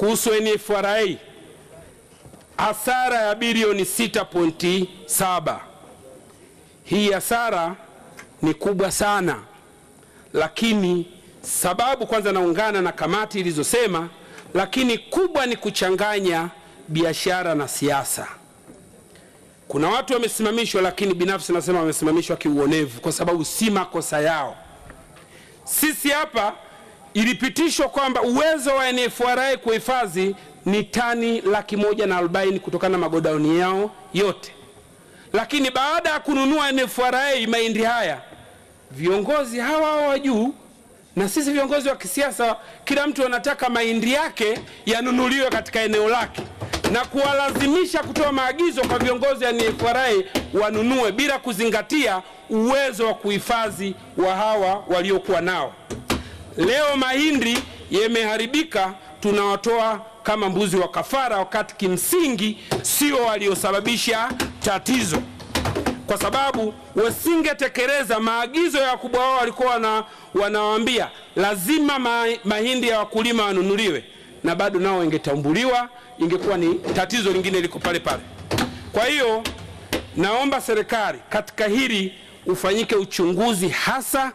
kuhusu NFRA hasara ya bilioni 6.7. Hii hasara ni kubwa sana, lakini sababu kwanza, naungana na kamati ilizosema, lakini kubwa ni kuchanganya biashara na siasa. Kuna watu wamesimamishwa, lakini binafsi nasema wamesimamishwa kiuonevu, kwa sababu si makosa yao. Sisi hapa ilipitishwa kwamba uwezo wa NFRA kuhifadhi ni tani laki moja na arobaini kutokana na magodauni yao yote, lakini baada ya kununua NFRA mahindi haya, viongozi hawa wa juu na sisi viongozi wa kisiasa, kila mtu anataka mahindi yake yanunuliwe katika eneo lake na kuwalazimisha kutoa maagizo kwa viongozi wa NFRA wanunue bila kuzingatia uwezo wa kuhifadhi wa hawa waliokuwa nao. Leo mahindi yameharibika, tunawatoa kama mbuzi wa kafara, wakati kimsingi sio waliosababisha tatizo, kwa sababu wasingetekeleza maagizo ya wakubwa wao. Walikuwa na wanawaambia lazima mahindi ya wakulima wanunuliwe, na bado nao ingetambuliwa, ingekuwa ni tatizo lingine liko pale pale. Kwa hiyo naomba serikali katika hili ufanyike uchunguzi hasa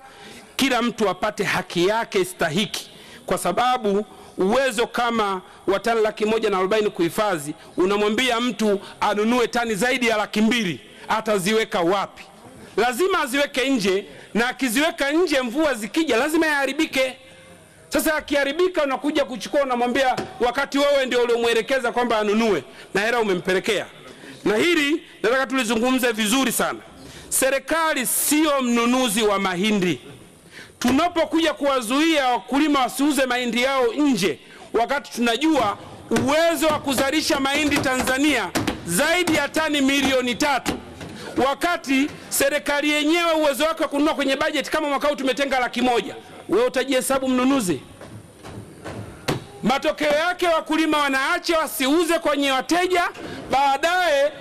kila mtu apate haki yake stahiki, kwa sababu uwezo kama wa tani laki moja na arobaini kuhifadhi, unamwambia mtu anunue tani zaidi ya laki mbili, ataziweka wapi? Lazima aziweke nje, na akiziweka nje, mvua zikija lazima yaharibike. Sasa akiharibika, unakuja kuchukua, unamwambia wakati wewe ndio uliomwelekeza kwamba anunue, na hela umempelekea. Na hili nataka tulizungumze vizuri sana. Serikali sio mnunuzi wa mahindi tunapokuja kuwazuia wakulima wasiuze mahindi yao nje, wakati tunajua uwezo wa kuzalisha mahindi Tanzania zaidi ya tani milioni tatu, wakati serikali yenyewe uwezo wake wa kununua kwenye bajeti kama mwaka huu tumetenga laki moja, wewe utajihesabu mnunuzi? Matokeo yake wakulima wanaacha wasiuze kwenye wateja, baadaye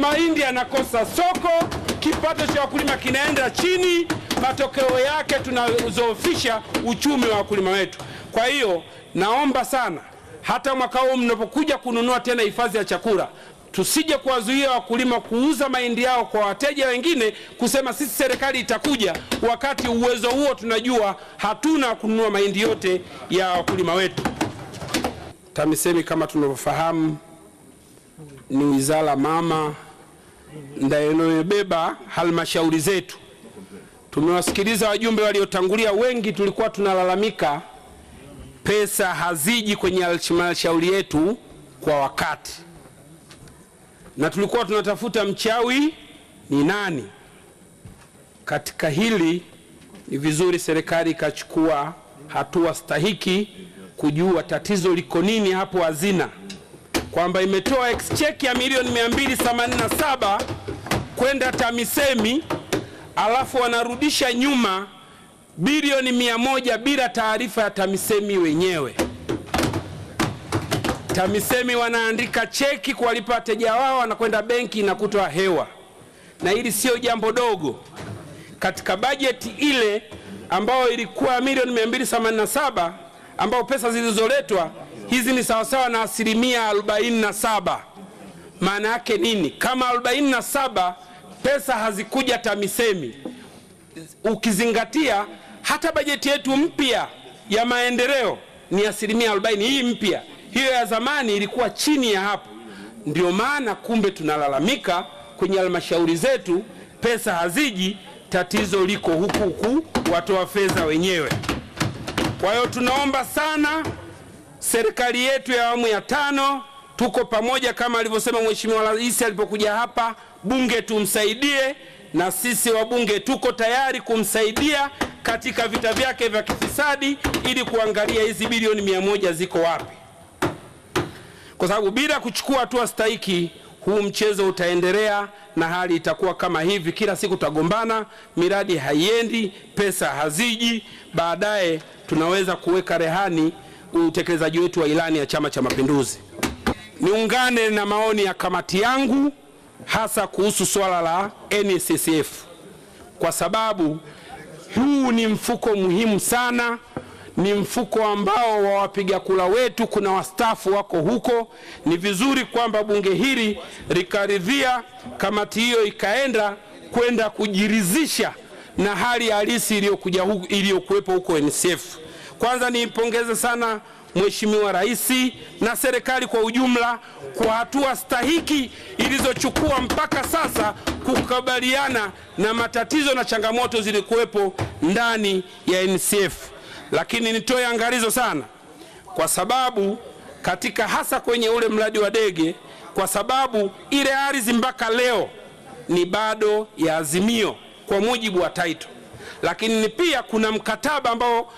mahindi yanakosa soko, kipato cha wakulima kinaenda chini, matokeo yake tunazoofisha uchumi wa wakulima wetu. Kwa hiyo naomba sana, hata mwaka huu mnapokuja kununua tena hifadhi ya chakula tusije kuwazuia wakulima kuuza mahindi yao kwa wateja wengine, kusema sisi serikali itakuja, wakati uwezo huo tunajua hatuna kununua mahindi yote ya wakulima wetu. TAMISEMI kama tunavyofahamu ni wizara mama ndio inayobeba halmashauri zetu. Tumewasikiliza wajumbe waliotangulia, wengi tulikuwa tunalalamika pesa haziji kwenye halmashauri yetu kwa wakati, na tulikuwa tunatafuta mchawi ni nani. Katika hili ni vizuri serikali ikachukua hatua stahiki kujua tatizo liko nini hapo hazina, kwamba imetoa excheck ya milioni 287 kwenda TAMISEMI alafu wanarudisha nyuma bilioni mia moja bila taarifa ya TAMISEMI wenyewe. TAMISEMI wanaandika cheki kuwalipa wateja wao, wanakwenda benki na kutoa hewa, na hili sio jambo dogo. Katika bajeti ile ambayo ilikuwa milioni 287 ambao pesa zilizoletwa hizi ni sawasawa na asilimia 47. Maana yake nini? Kama 47 pesa hazikuja TAMISEMI, ukizingatia hata bajeti yetu mpya ya maendeleo ni asilimia 40, hii mpya. Hiyo ya zamani ilikuwa chini ya hapo. Ndio maana kumbe tunalalamika kwenye halmashauri zetu pesa haziji, tatizo liko huku huku watoa fedha wenyewe. Kwa hiyo tunaomba sana serikali yetu ya awamu ya tano, tuko pamoja kama alivyosema Mheshimiwa Rais alipokuja hapa bunge tumsaidie, na sisi wabunge tuko tayari kumsaidia katika vita vyake vya kifisadi ili kuangalia hizi bilioni mia moja ziko wapi, kwa sababu bila kuchukua hatua stahiki huu mchezo utaendelea na hali itakuwa kama hivi. Kila siku tutagombana, miradi haiendi, pesa haziji. Baadaye tunaweza kuweka rehani utekelezaji wetu wa ilani ya Chama cha Mapinduzi. Niungane na maoni ya kamati yangu hasa kuhusu swala la NSSF kwa sababu huu ni mfuko muhimu sana, ni mfuko ambao wa wapiga kura wetu, kuna wastaafu wako huko. Ni vizuri kwamba bunge hili likaridhia, kamati hiyo ikaenda kwenda kujiridhisha na hali halisi iliyokuja iliyokuwepo huko NSSF. Kwanza niipongeze sana Mheshimiwa Rais na serikali kwa ujumla kwa hatua stahiki ilizochukua mpaka sasa kukabiliana na matatizo na changamoto zilikuwepo ndani ya NCF. Lakini nitoe angalizo sana, kwa sababu katika hasa kwenye ule mradi wa Dege, kwa sababu ile ardhi mpaka leo ni bado ya Azimio kwa mujibu wa title lakini pia kuna mkataba ambao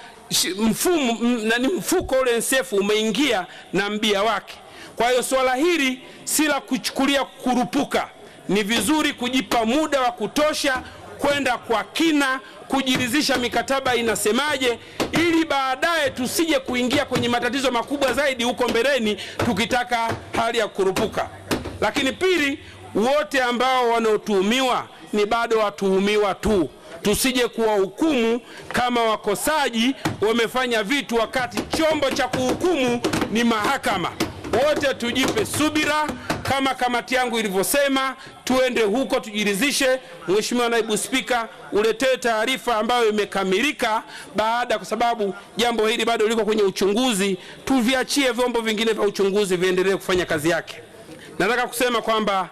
mfumo nani, mfuko ule nsefu umeingia na mbia wake. Kwa hiyo swala hili si la kuchukulia kurupuka, ni vizuri kujipa muda wa kutosha kwenda kwa kina kujiridhisha mikataba inasemaje, ili baadaye tusije kuingia kwenye matatizo makubwa zaidi huko mbeleni, tukitaka hali ya kurupuka. Lakini pili, wote ambao wanaotuhumiwa ni bado watuhumiwa tu tusije kuwahukumu kama wakosaji wamefanya vitu wakati chombo cha kuhukumu ni mahakama. Wote tujipe subira, kama kamati yangu ilivyosema, tuende huko tujirizishe Mheshimiwa Naibu Spika, uletee taarifa ambayo imekamilika baada, kwa sababu jambo hili bado liko kwenye uchunguzi. Tuviachie vyombo vingine vya uchunguzi viendelee kufanya kazi yake. Nataka kusema kwamba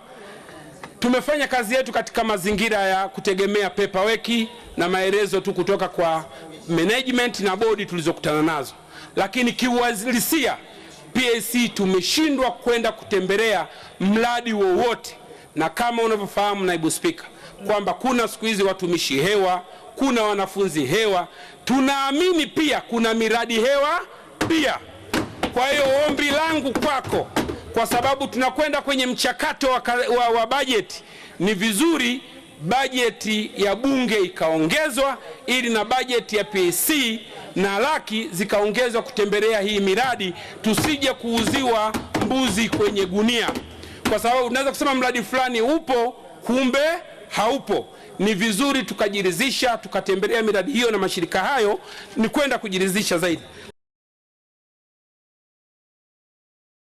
Tumefanya kazi yetu katika mazingira ya kutegemea paperwork na maelezo tu kutoka kwa management na bodi tulizokutana nazo, lakini kiuhalisia PAC tumeshindwa kwenda kutembelea mradi wowote, na kama unavyofahamu naibu spika, kwamba kuna siku hizi watumishi hewa, kuna wanafunzi hewa, tunaamini pia kuna miradi hewa pia. Kwa hiyo ombi langu kwako kwa sababu tunakwenda kwenye mchakato wa, wa, wa bajeti. Ni vizuri bajeti ya bunge ikaongezwa ili na bajeti ya PAC e na laki zikaongezwa kutembelea hii miradi, tusije kuuziwa mbuzi kwenye gunia, kwa sababu unaweza kusema mradi fulani upo kumbe haupo. Ni vizuri tukajiridhisha, tukatembelea miradi hiyo na mashirika hayo, ni kwenda kujiridhisha zaidi.